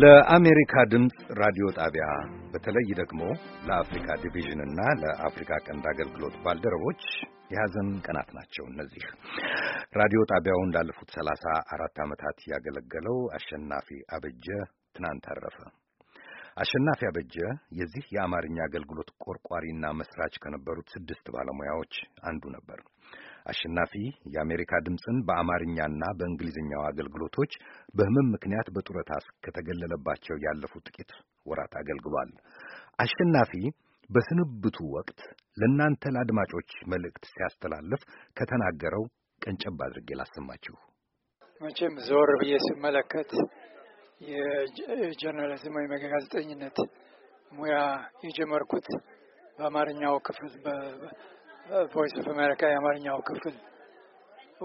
ለአሜሪካ ድምፅ ራዲዮ ጣቢያ በተለይ ደግሞ ለአፍሪካ ዲቪዥን እና ለአፍሪካ ቀንድ አገልግሎት ባልደረቦች የሐዘን ቀናት ናቸው እነዚህ። ራዲዮ ጣቢያውን ላለፉት ሰላሳ አራት ዓመታት ያገለገለው አሸናፊ አበጀ ትናንት አረፈ። አሸናፊ አበጀ የዚህ የአማርኛ አገልግሎት ቆርቋሪና መስራች ከነበሩት ስድስት ባለሙያዎች አንዱ ነበር። አሸናፊ የአሜሪካ ድምፅን በአማርኛና በእንግሊዝኛው አገልግሎቶች በህመም ምክንያት በጡረታ እስከተገለለባቸው ያለፉ ጥቂት ወራት አገልግሏል። አሸናፊ በስንብቱ ወቅት ለእናንተ ለአድማጮች መልእክት ሲያስተላልፍ ከተናገረው ቀንጨብ አድርጌ ላሰማችሁ። መቼም ዞር ብዬ ስመለከት የጀርናሊዝም ወይም የጋዜጠኝነት ሙያ የጀመርኩት በአማርኛው ክፍል ቮይስ ኦፍ አሜሪካ የአማርኛው ክፍል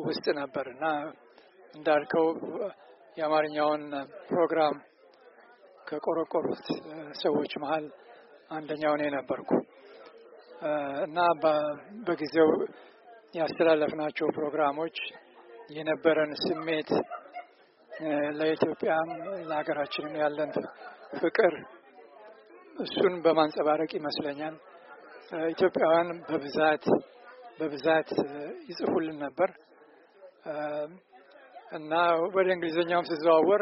ውስጥ ነበር እና እንዳልከው የአማርኛውን ፕሮግራም ከቆረቆሩት ሰዎች መሀል አንደኛው እኔ ነበርኩ እና በጊዜው ያስተላለፍናቸው ፕሮግራሞች የነበረን ስሜት ለኢትዮጵያም ለሀገራችንም ያለን ፍቅር እሱን በማንጸባረቅ ይመስለኛል ኢትዮጵያውያን በብዛት በብዛት ይጽፉልን ነበር እና ወደ እንግሊዝኛውም ሲዘዋወር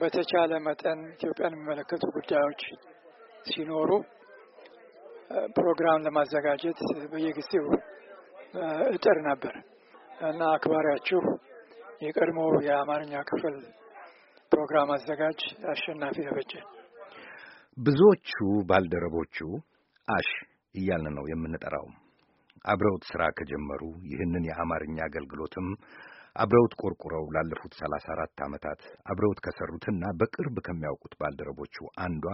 በተቻለ መጠን ኢትዮጵያን የሚመለከቱ ጉዳዮች ሲኖሩ ፕሮግራም ለማዘጋጀት በየጊዜው እጥር ነበር እና አክባሪያችሁ የቀድሞ የአማርኛ ክፍል ፕሮግራም አዘጋጅ አሸናፊ አበጀ ብዙዎቹ ባልደረቦቹ አሽ እያልን ነው የምንጠራው። አብረውት ስራ ከጀመሩ ይህንን የአማርኛ አገልግሎትም አብረውት ቆርቁረው ላለፉት 34 አራት ዓመታት አብረውት ከሰሩትና በቅርብ ከሚያውቁት ባልደረቦቹ አንዷ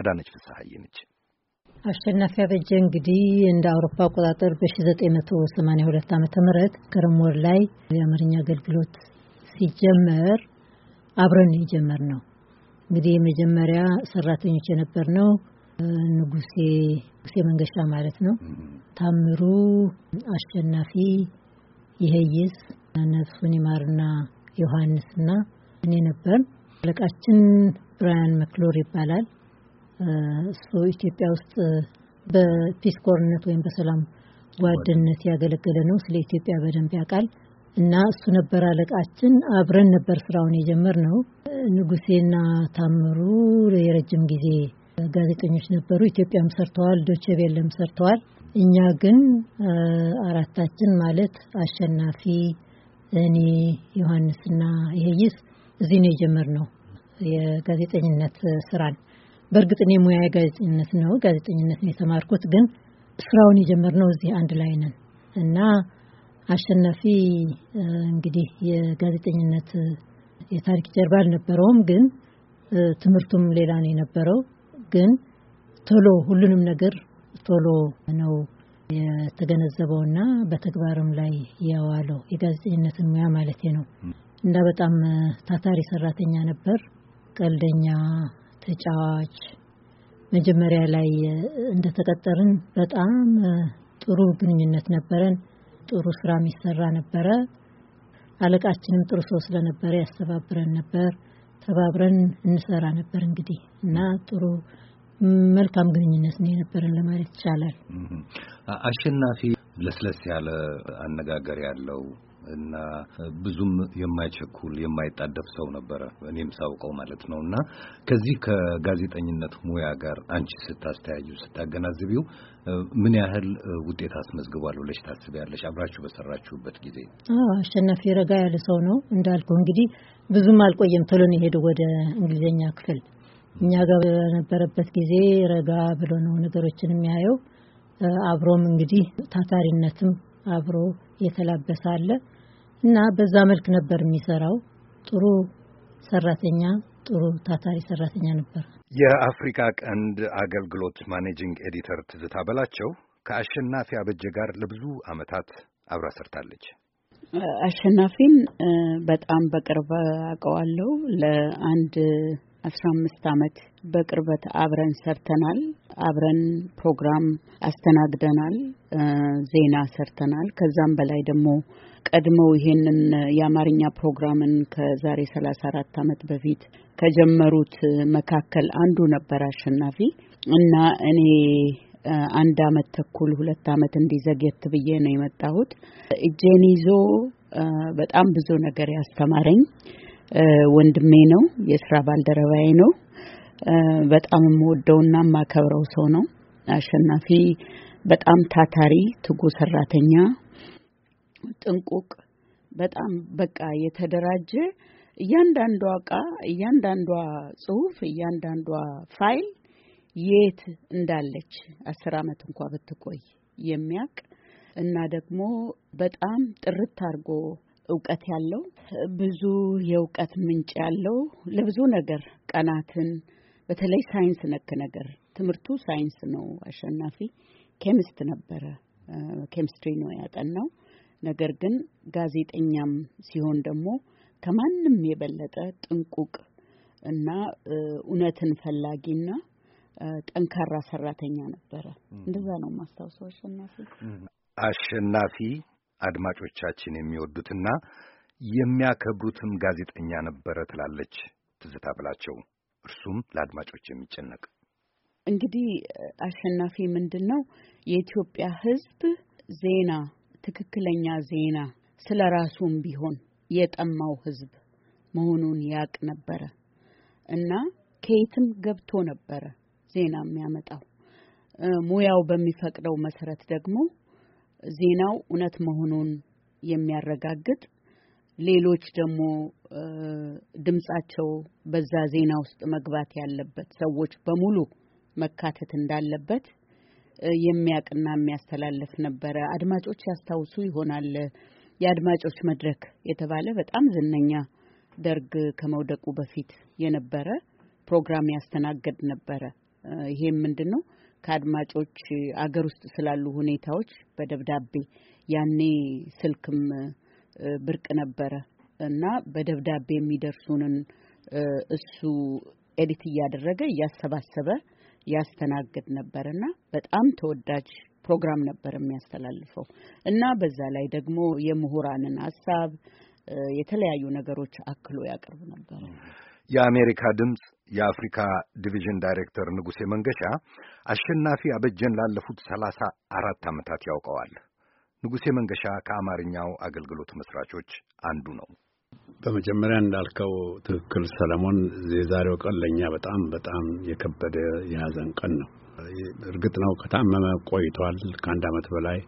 አዳነች ፍስሐዬ ነች። አሸናፊ አበጀ እንግዲህ እንደ አውሮፓ አቆጣጠር በ1982 ዓመተ ምህረት ከረም ወር ላይ የአማርኛ አገልግሎት ሲጀመር አብረን የጀመር ነው። እንግዲህ የመጀመሪያ ሰራተኞች የነበር ነው ንጉሴ ንጉሴ መንገሻ ማለት ነው፣ ታምሩ አሸናፊ፣ ይሄይስ ነፍሱን ይማርና ዮሐንስና እኔ ነበር። አለቃችን ብራያን መክሎር ይባላል። እሱ ኢትዮጵያ ውስጥ በፒስኮርነት ወይም በሰላም ጓድነት ያገለገለ ነው። ስለ ኢትዮጵያ በደንብ ያውቃል እና እሱ ነበር አለቃችን። አብረን ነበር ስራውን የጀመር ነው። ንጉሴና ታምሩ የረጅም ጊዜ ጋዜጠኞች ነበሩ። ኢትዮጵያም ሰርተዋል፣ ዶቼቬለም ሰርተዋል። እኛ ግን አራታችን ማለት አሸናፊ፣ እኔ፣ ዮሐንስና ይሄይስ እዚህ ነው የጀመርነው የጋዜጠኝነት ስራን። በእርግጥ እኔ ሙያ ጋዜጠኝነት ነው ጋዜጠኝነት ነው የተማርኩት፣ ግን ስራውን የጀመርነው እዚህ አንድ ላይ ነን እና አሸናፊ እንግዲህ የጋዜጠኝነት የታሪክ ጀርባ አልነበረውም፣ ግን ትምህርቱም ሌላ ነው የነበረው። ግን ቶሎ ሁሉንም ነገር ቶሎ ነው የተገነዘበውና በተግባርም ላይ ያዋለው የጋዜጠኝነትን ሙያ ማለት ነው። እና በጣም ታታሪ ሰራተኛ ነበር። ቀልደኛ፣ ተጫዋች መጀመሪያ ላይ እንደተቀጠርን በጣም ጥሩ ግንኙነት ነበረን። ጥሩ ስራ የሚሰራ ነበረ። አለቃችንም ጥሩ ሰው ስለነበረ ያስተባብረን ነበር። ተባብረን እንሰራ ነበር እንግዲህ እና ጥሩ መልካም ግንኙነት ነው የነበረን ለማለት ይቻላል። አሸናፊ ለስለስ ያለ አነጋገር ያለው እና ብዙም የማይቸኩል የማይጣደፍ ሰው ነበረ፣ እኔም ሳውቀው ማለት ነው። እና ከዚህ ከጋዜጠኝነት ሙያ ጋር አንቺ ስታስተያዩ ስታገናዝቢው ምን ያህል ውጤት አስመዝግቧል ብለሽ ታስቢያለሽ? አብራችሁ በሰራችሁበት ጊዜ። አሸናፊ ረጋ ያለ ሰው ነው እንዳልኩ። እንግዲህ ብዙም አልቆየም፣ ቶሎ ነው የሄደው ወደ እንግሊዝኛ ክፍል። እኛ ጋር በነበረበት ጊዜ ረጋ ብሎ ነው ነገሮችን የሚያየው። አብሮም እንግዲህ ታታሪነትም አብሮ የተላበሳለ አለ እና በዛ መልክ ነበር የሚሰራው። ጥሩ ሰራተኛ፣ ጥሩ ታታሪ ሰራተኛ ነበር። የአፍሪካ ቀንድ አገልግሎት ማኔጂንግ ኤዲተር ትዝታ በላቸው ከአሸናፊ አበጀ ጋር ለብዙ ዓመታት አብራ ሰርታለች። አሸናፊን በጣም በቅርብ አውቀዋለሁ። ለአንድ አስራ አምስት አመት በቅርበት አብረን ሰርተናል። አብረን ፕሮግራም አስተናግደናል። ዜና ሰርተናል። ከዛም በላይ ደግሞ ቀድመው ይሄንን የአማርኛ ፕሮግራምን ከዛሬ ሰላሳ አራት አመት በፊት ከጀመሩት መካከል አንዱ ነበር አሸናፊ እና እኔ አንድ አመት ተኩል ሁለት አመት እንዲዘግየት ብዬ ነው የመጣሁት። እጄን ይዞ በጣም ብዙ ነገር ያስተማረኝ ወንድሜ ነው፣ የስራ ባልደረባዬ ነው። በጣም የምወደውና የማከብረው ሰው ነው። አሸናፊ በጣም ታታሪ፣ ትጉ ሰራተኛ፣ ጥንቁቅ፣ በጣም በቃ የተደራጀ እያንዳንዷ እቃ፣ እያንዳንዷ ጽሁፍ፣ እያንዳንዷ ፋይል የት እንዳለች አስር አመት እንኳ ብትቆይ የሚያቅ እና ደግሞ በጣም ጥርት አድርጎ እውቀት ያለው ብዙ የእውቀት ምንጭ ያለው ለብዙ ነገር ቀናትን በተለይ ሳይንስ ነክ ነገር ትምህርቱ ሳይንስ ነው። አሸናፊ ኬሚስት ነበረ፣ ኬሚስትሪ ነው ያጠናው። ነገር ግን ጋዜጠኛም ሲሆን ደግሞ ከማንም የበለጠ ጥንቁቅ እና እውነትን ፈላጊና ጠንካራ ሰራተኛ ነበረ። እንደዛ ነው ማስታውሰው አሸናፊ አሸናፊ አድማጮቻችን የሚወዱትና የሚያከብሩትም ጋዜጠኛ ነበረ ትላለች ትዝታ ብላቸው። እርሱም ለአድማጮች የሚጨነቅ እንግዲህ አሸናፊ ምንድን ነው የኢትዮጵያ ሕዝብ ዜና ትክክለኛ ዜና ስለ ራሱም ቢሆን የጠማው ሕዝብ መሆኑን ያቅ ነበረ እና ከየትም ገብቶ ነበረ ዜና የሚያመጣው ሙያው በሚፈቅደው መሰረት ደግሞ ዜናው እውነት መሆኑን የሚያረጋግጥ ሌሎች ደግሞ ድምጻቸው በዛ ዜና ውስጥ መግባት ያለበት ሰዎች በሙሉ መካተት እንዳለበት የሚያቅና የሚያስተላልፍ ነበረ። አድማጮች ያስታውሱ ይሆናል የአድማጮች መድረክ የተባለ በጣም ዝነኛ ደርግ ከመውደቁ በፊት የነበረ ፕሮግራም ያስተናገድ ነበረ። ይሄም ምንድን ነው ከአድማጮች አገር ውስጥ ስላሉ ሁኔታዎች በደብዳቤ ያኔ ስልክም ብርቅ ነበረ እና በደብዳቤ የሚደርሱንን እሱ ኤዲት እያደረገ እያሰባሰበ ያስተናግድ ነበር እና በጣም ተወዳጅ ፕሮግራም ነበር የሚያስተላልፈው እና በዛ ላይ ደግሞ የምሁራንን ሀሳብ የተለያዩ ነገሮች አክሎ ያቀርብ ነበር። የአሜሪካ ድምፅ የአፍሪካ ዲቪዥን ዳይሬክተር ንጉሴ መንገሻ አሸናፊ አበጀን ላለፉት ሰላሳ አራት ዓመታት ያውቀዋል። ንጉሴ መንገሻ ከአማርኛው አገልግሎት መስራቾች አንዱ ነው። በመጀመሪያ እንዳልከው ትክክል ሰለሞን፣ የዛሬው ቀን ለእኛ በጣም በጣም የከበደ የያዘን ቀን ነው። እርግጥ ነው ከታመመ ቆይቷል ከአንድ ዓመት በላይ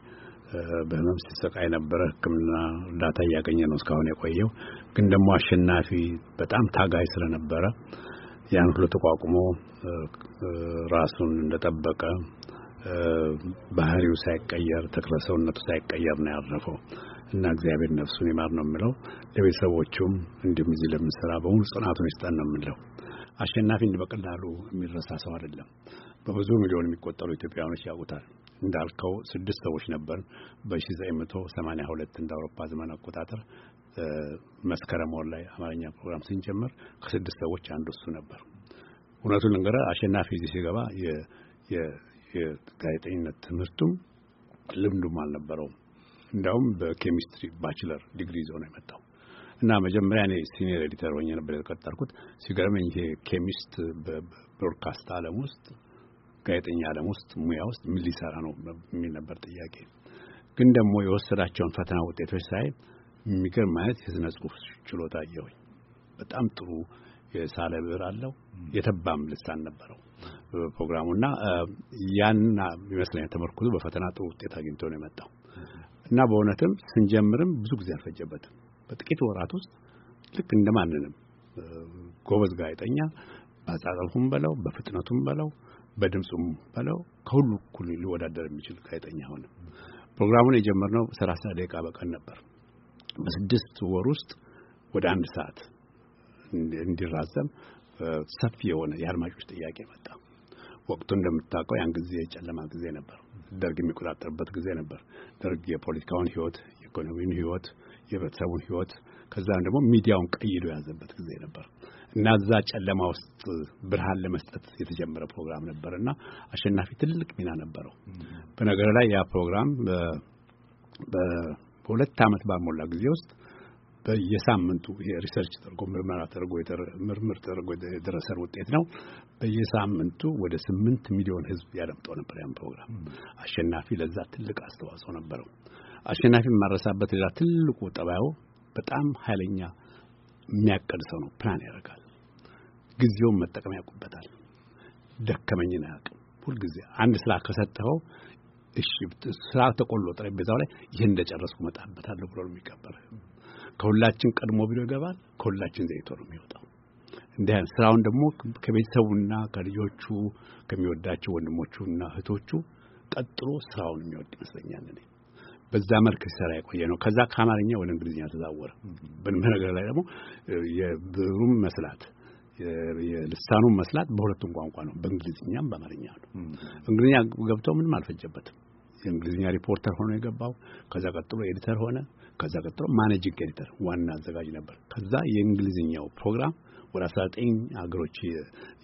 በህመም ሲሰቃይ ነበረ። ሕክምና እርዳታ እያገኘ ነው እስካሁን የቆየው። ግን ደግሞ አሸናፊ በጣም ታጋይ ስለነበረ ያን ሁሉ ተቋቁሞ ራሱን እንደጠበቀ ባህሪው ሳይቀየር ተክለ ሰውነቱ ሳይቀየር ነው ያረፈው እና እግዚአብሔር ነፍሱን ይማር ነው የምለው። ለቤተሰቦቹም እንዲሁም እዚህ ለምንሰራ በሙሉ ጽናቱን ይስጠን ነው የምለው። አሸናፊ እንደ በቀላሉ የሚረሳ ሰው አይደለም። በብዙ ሚሊዮን የሚቆጠሩ ኢትዮጵያውያኖች ያውቁታል። እንዳልከው ስድስት ሰዎች ነበር በ1982 እንደ አውሮፓ ዘመን አቆጣጠር መስከረም ወር ላይ አማርኛ ፕሮግራም ስንጀምር ከስድስት ሰዎች አንዱ እሱ ነበር። እውነቱን ልንገርህ አሸናፊ እዚህ ሲገባ የጋዜጠኝነት ትምህርቱም ልምዱም አልነበረውም። እንዲያውም በኬሚስትሪ ባችለር ዲግሪ ይዞ ነው የመጣው እና መጀመሪያ እኔ ሲኒየር ኤዲተር ሆኜ ነበር የተቀጠርኩት። ሲገርመኝ ይሄ ኬሚስት በብሮድካስት ዓለም ውስጥ ጋዜጠኛ ዓለም ውስጥ ሙያ ውስጥ ምን ሊሰራ ነው የሚል ነበር ጥያቄ። ግን ደግሞ የወሰዳቸውን ፈተና ውጤቶች ሳይ የሚገርም አይነት የስነ ጽሁፍ ችሎታ አየሁኝ። በጣም ጥሩ የሳለ ብዕር አለው። የተባም ልሳን ነበረው ፕሮግራሙና ያንና ይመስለኛል ተመርኩዞ በፈተና ጥሩ ውጤት አግኝቶ ነው የመጣው እና በእውነትም ስንጀምርም ብዙ ጊዜ አልፈጀበትም። በጥቂት ወራት ውስጥ ልክ እንደማንንም ጎበዝ ጋዜጠኛ በአጻጸፉም በለው በፍጥነቱም በለው በድምፁም በለው ከሁሉ እኩል ሊወዳደር የሚችል ጋዜጠኛ ሆነ። ፕሮግራሙን የጀመርነው ሰላሳ ደቂቃ በቀን ነበር። በስድስት ወር ውስጥ ወደ አንድ ሰዓት እንዲራዘም ሰፊ የሆነ የአድማጮች ጥያቄ መጣ። ወቅቱ እንደምታውቀው ያን ጊዜ የጨለማ ጊዜ ነበር። ደርግ የሚቆጣጠርበት ጊዜ ነበር። ደርግ የፖለቲካውን ህይወት፣ የኢኮኖሚውን ህይወት፣ የህብረተሰቡን ህይወት ከዛም ደግሞ ሚዲያውን ቀይዶ የያዘበት ጊዜ ነበር እና እዛ ጨለማ ውስጥ ብርሃን ለመስጠት የተጀመረ ፕሮግራም ነበር እና አሸናፊ ትልቅ ሚና ነበረው። በነገር ላይ ያ ፕሮግራም በሁለት ዓመት ባልሞላ ጊዜ ውስጥ በየሳምንቱ ይሄ ሪሰርች ተደርጎ ምርመራ ተደርጎ ምርምር ተደርጎ የደረሰን ውጤት ነው። በየሳምንቱ ወደ ስምንት ሚሊዮን ህዝብ ያደምጠው ነበር ያን ፕሮግራም። አሸናፊ ለዛ ትልቅ አስተዋጽኦ ነበረው። አሸናፊ የማረሳበት ሌላ ትልቁ ጠባዩ በጣም ኃይለኛ የሚያቀድ ሰው ነው። ፕላን ያደርጋል። ጊዜውን መጠቀም ያውቁበታል። ደከመኝን አያውቅም። ሁልጊዜ አንድ ስራ ከሰጠኸው እሺ ስራ ተቆሎ ጠረጴዛው ላይ ይህን እንደጨረስኩ መጣበታለሁ ብሎ ነው የሚቀበል። ከሁላችን ቀድሞ ቢሮ ይገባል። ከሁላችን ዘይቶ ነው የሚወጣው። እንዲህ ስራውን ደግሞ ከቤተሰቡና ከልጆቹ ከሚወዳቸው ወንድሞቹና እህቶቹ ቀጥሎ ስራውን የሚወድ ይመስለኛል እኔ በዛ መልክ ሲሰራ የቆየ ነው። ከዛ ከአማርኛ ወደ እንግሊዝኛ ተዛወረ። በነገር ላይ ደግሞ የብሩም መስላት የልሳኑም መስላት በሁለቱም ቋንቋ ነው፣ በእንግሊዝኛም በአማርኛ ነው። እንግሊዝኛ ገብተው ምንም አልፈጀበትም። የእንግሊዝኛ ሪፖርተር ሆኖ የገባው ከዛ ቀጥሎ ኤዲተር ሆነ። ከዛ ቀጥሎ ማኔጂንግ ኤዲተር ዋና አዘጋጅ ነበር። ከዛ የእንግሊዝኛው ፕሮግራም ወደ 19 ሀገሮች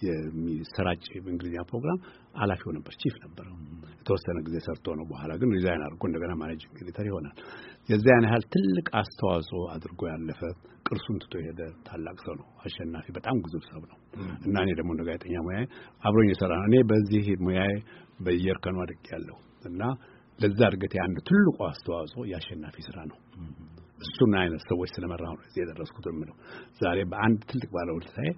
የሚሰራጭ እንግሊዝኛ ፕሮግራም ኃላፊ ነበር፣ ቺፍ ነበር። የተወሰነ ጊዜ ሰርቶ ነው በኋላ ግን ሪዛይን አድርጎ እንደገና ማኔጂንግ ኤዲተር ይሆናል። የዚያን ያህል ትልቅ አስተዋጽኦ አድርጎ ያለፈ ቅርሱን ትቶ የሄደ ታላቅ ሰው ነው። አሸናፊ በጣም ግዙፍ ሰው ነው እና እኔ ደግሞ እንደ ጋዜጠኛ ሙያዬ አብሮኝ የሰራ ነው። እኔ በዚህ ሙያዬ በየርከኑ አድርጌ ያለሁ እና ለዛ እድገት የአንድ ትልቁ አስተዋጽኦ የአሸናፊ ስራ ነው። እሱን አይነት ሰዎች ስለመራሁ ነው እዚህ የደረስኩት የምለው ዛሬ በአንድ ትልቅ ባለውለታዬ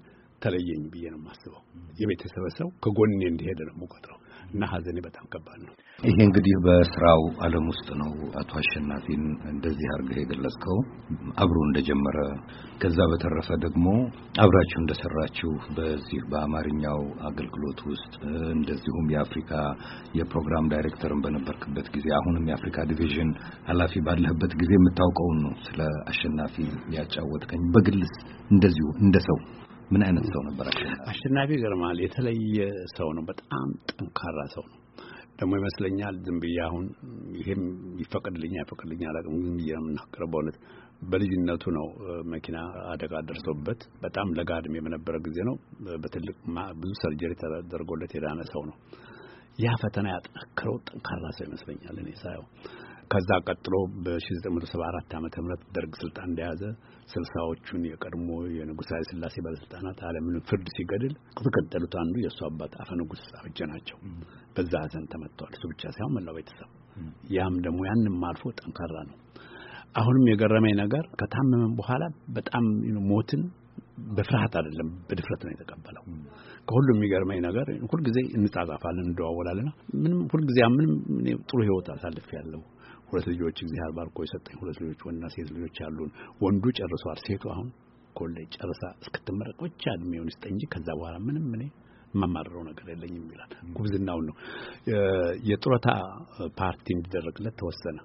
ተለየኝ ብዬ ነው የማስበው። የቤተሰብ ሰው ከጎኔ እንደሄደ ነው የምቆጥረው እና ሀዘኔ በጣም ከባድ ነው። ይሄ እንግዲህ በስራው አለም ውስጥ ነው አቶ አሸናፊን እንደዚህ አድርገህ የገለጽከው አብሮ እንደጀመረ ከዛ በተረፈ ደግሞ አብራችሁ እንደሰራችሁ በዚህ በአማርኛው አገልግሎት ውስጥ እንደዚሁም የአፍሪካ የፕሮግራም ዳይሬክተርን በነበርክበት ጊዜ አሁንም የአፍሪካ ዲቪዥን ኃላፊ ባለህበት ጊዜ የምታውቀውን ነው ስለ አሸናፊ ያጫወትከኝ። በግልስ እንደዚሁ እንደ ሰው ምን አይነት ሰው ነበር አሸናፊ? ገርማል? የተለየ ሰው ነው። በጣም ጠንካራ ሰው ነው። ደግሞ ይመስለኛል ዝም ብዬ አሁን ይሄም ይፈቅድልኝ አይፈቅድልኝ አላውቅም፣ ግን ብዬ ነው የምናገረው በእውነት በልጅነቱ ነው መኪና አደጋ ደርሶበት በጣም ለጋ ዕድሜ በነበረ ጊዜ ነው። በትልቅ ብዙ ሰርጀሪ ተደርጎለት የዳነ ሰው ነው። ያ ፈተና ያጠናከረው ጠንካራ ሰው ይመስለኛል እኔ ሳየው ከዛ ቀጥሎ በ1974 ዓመተ ምህረት ደርግ ስልጣን እንደያዘ ስልሳዎቹን የቀድሞ የንጉሥ ኃይለ ሥላሴ ባለስልጣናት ዓለምን ፍርድ ሲገድል ከተገደሉት አንዱ የእሱ አባት አፈ ንጉሥ አበጀ ናቸው። በዛ ሀዘን ተመትተዋል። እሱ ብቻ ሳይሆን መላው ቤተሰብ። ያም ደግሞ ያንም አልፎ ጠንካራ ነው። አሁንም የገረመኝ ነገር ከታመመም በኋላ በጣም ሞትን በፍርሃት አይደለም በድፍረት ነው የተቀበለው። ከሁሉም የሚገርመኝ ነገር ሁልጊዜ እንጻጻፋለን፣ እንደዋወላለን። ምንም ሁልጊዜ ምንም ጥሩ ህይወት ያለው ሁለት ልጆች እግዚአብሔር ባርኮ የሰጠኝ ሁለት ልጆች ወንድና ሴት ልጆች አሉን። ወንዱ ጨርሷል። ሴቱ አሁን ኮሌጅ ጨርሳ እስክትመረቅ ብቻ እድሜውን ይስጠኝ እንጂ ከዛ በኋላ ምንም እኔ የማማረረው ነገር የለኝም ይላል። ጉብዝናውን ነው። የጡረታ ፓርቲ እንዲደረግለት ተወሰነ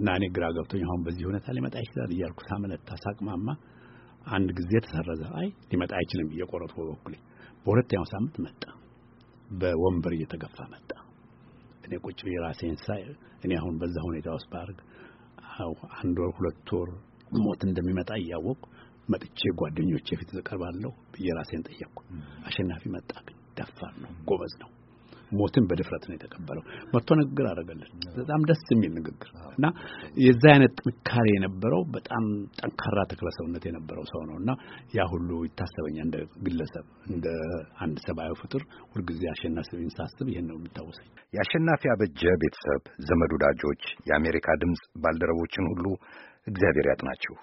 እና እኔ ግራ ገብቶኝ አሁን በዚህ ሁኔታ ሊመጣ ይችላል እያልኩ ሳመነታ ሳቅማማ አንድ ጊዜ ተሰረዘ። አይ ሊመጣ አይችልም እየቆረጥኩ በበኩሌ በሁለተኛው ሳምንት መጣ። በወንበር እየተገፋ መጣ። እኔ ቁጭ ብዬ ራሴን ሳይ እኔ አሁን በዛ ሁኔታ ውስጥ ባርግ አንድ ወር ሁለት ወር ሞት እንደሚመጣ እያወቅሁ መጥቼ ጓደኞቼ ፊት ቀርባለሁ ብዬ ራሴን ጠየቅኩ። አሸናፊ መጣ፣ ግን ደፋር ነው፣ ጎበዝ ነው። ሞትን በድፍረት ነው የተቀበለው። መጥቶ ንግግር አደረገልን። በጣም ደስ የሚል ንግግር እና የዛ አይነት ጥንካሬ የነበረው በጣም ጠንካራ ተክለሰውነት የነበረው ሰው ነው እና ያ ሁሉ ይታሰበኛል። እንደ ግለሰብ እንደ አንድ ሰብአዊ ፍጡር ሁልጊዜ አሸናፊ ሳስብ ይህን ነው የሚታወሰኝ። የአሸናፊ አበጀ ቤተሰብ፣ ዘመድ፣ ወዳጆች፣ የአሜሪካ ድምፅ ባልደረቦችን ሁሉ እግዚአብሔር ያጥናችሁ።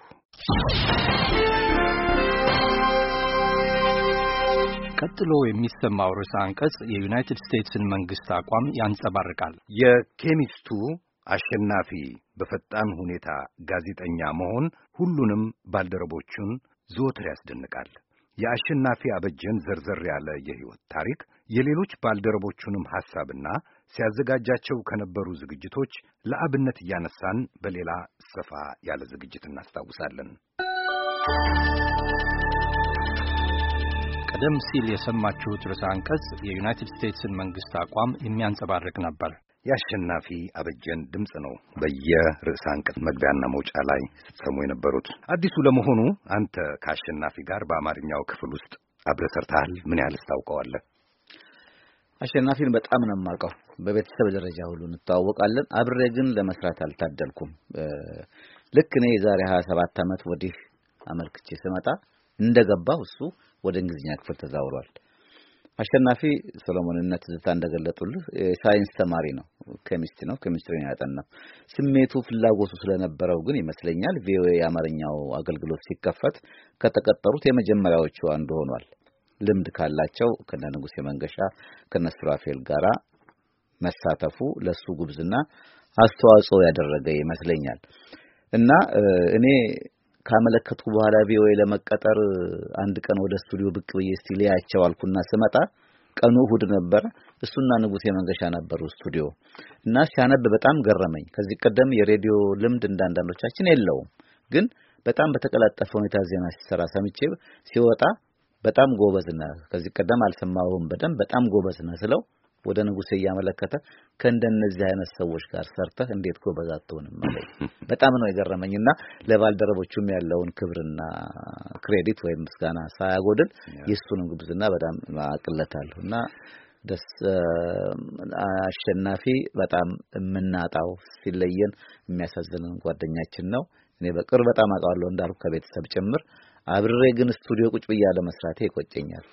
ቀጥሎ የሚሰማው ርዕሰ አንቀጽ የዩናይትድ ስቴትስን መንግስት አቋም ያንጸባርቃል። የኬሚስቱ አሸናፊ በፈጣን ሁኔታ ጋዜጠኛ መሆን ሁሉንም ባልደረቦቹን ዘወትር ያስደንቃል። የአሸናፊ አበጀን ዘርዘር ያለ የሕይወት ታሪክ የሌሎች ባልደረቦቹንም ሐሳብና ሲያዘጋጃቸው ከነበሩ ዝግጅቶች ለአብነት እያነሳን በሌላ ሰፋ ያለ ዝግጅት እናስታውሳለን። ቀደም ሲል የሰማችሁት ርዕሰ አንቀጽ የዩናይትድ ስቴትስን መንግስት አቋም የሚያንጸባርቅ ነበር። የአሸናፊ አበጀን ድምፅ ነው በየርዕሰ አንቀጽ መግቢያና መውጫ ላይ ስትሰሙ የነበሩት። አዲሱ ለመሆኑ አንተ ከአሸናፊ ጋር በአማርኛው ክፍል ውስጥ አብረህ ሰርተሃል። ምን ያህል ስታውቀዋለ አሸናፊን በጣም ነው የማውቀው። በቤተሰብ ደረጃ ሁሉ እንተዋወቃለን። አብሬ ግን ለመስራት አልታደልኩም። ልክ እኔ የዛሬ 27 ዓመት ወዲህ አመልክቼ ስመጣ እንደገባሁ እሱ ወደ እንግሊዝኛ ክፍል ተዛውሯል። አሸናፊ ሰሎሞንና ትዝታ እንደገለጡልህ የሳይንስ ተማሪ ነው፣ ኬሚስትሪ ነው፣ ኬሚስት ነው ያጠናው። ስሜቱ ፍላጎቱ ስለነበረው ግን ይመስለኛል ቪኦኤ የአማርኛው አገልግሎት ሲከፈት ከተቀጠሩት የመጀመሪያዎቹ አንዱ ሆኗል። ልምድ ካላቸው ከነ ንጉሴ መንገሻ ከነ ሱራፌል ጋራ መሳተፉ ለሱ ጉብዝና አስተዋጽኦ ያደረገ ይመስለኛል። እና እኔ ካመለከትኩ በኋላ ቪኦኤ ለመቀጠር አንድ ቀን ወደ ስቱዲዮ ብቅ ብዬ እስቲ ልያቸው አልኩና ስመጣ ቀኑ እሑድ ነበር። እሱና ንጉሴ መንገሻ ነበሩ ስቱዲዮ እና ሲያነብ በጣም ገረመኝ። ከዚህ ቀደም የሬዲዮ ልምድ እንዳንዳንዶቻችን አንዳንዶቻችን የለውም፣ ግን በጣም በተቀላጠፈ ሁኔታ ዜና ሲሰራ ሰምቼ ሲወጣ በጣም ጎበዝ ነህ፣ ከዚህ ቀደም አልሰማሁም፣ በደንብ በጣም ጎበዝ ነህ ስለው ወደ ንጉሴ እያመለከተ ከእንደነዚህ አይነት ሰዎች ጋር ሰርተህ እንዴት ጎበዝ አትሆንም አለኝ። በጣም ነው የገረመኝና ለባልደረቦቹም ያለውን ክብርና ክሬዲት ወይም ምስጋና ሳያጎድል የእሱንም ግብዝና በጣም አቅለታለሁ እና ደስ አሸናፊ በጣም የምናጣው ሲለየን የሚያሳዝንን ጓደኛችን ነው። እኔ በቅርብ በጣም አውቀዋለሁ እንዳልኩ ከቤተሰብ ጭምር አብሬ ግን ስቱዲዮ ቁጭ ብያ ለመስራቴ ይቆጨኛል።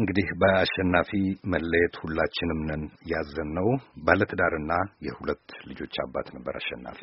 እንግዲህ በአሸናፊ መለየት ሁላችንም ነን ያዘን ነው። ባለትዳርና የሁለት ልጆች አባት ነበር አሸናፊ።